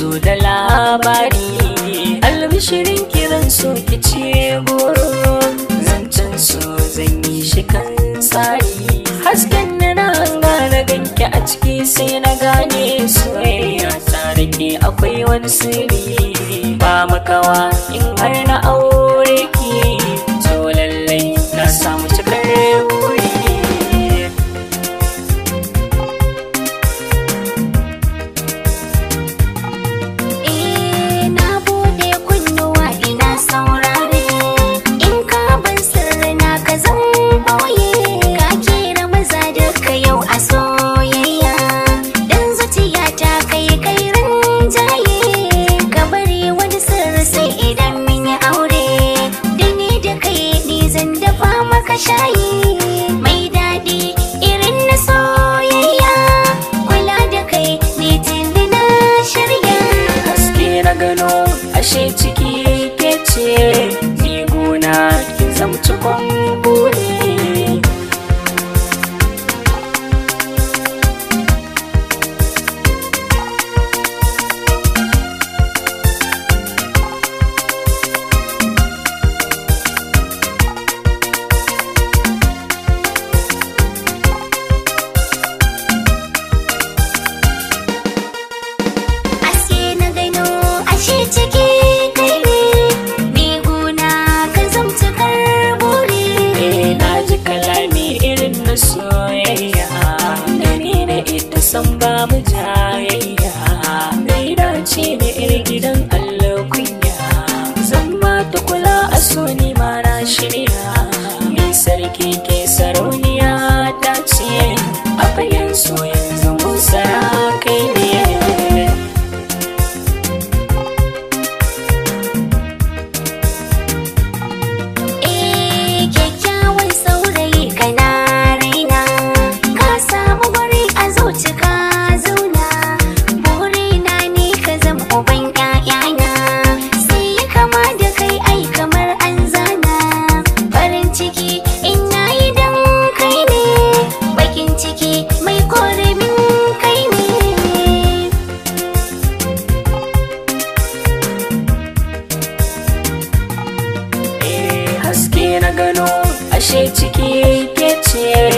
zo da labari albishirin kiran su ki ce goro zancen so zan yi shi kan tsari hasken na na hanga na ganke a ciki sai na gane soyayya tare ke akwai wani sirri ba makawa in har na aure shayi mai daɗi irin na soyayya kula da kai ne tuni na shirya haske na gano ashe ciki kike sa gano ashe ciki ke ce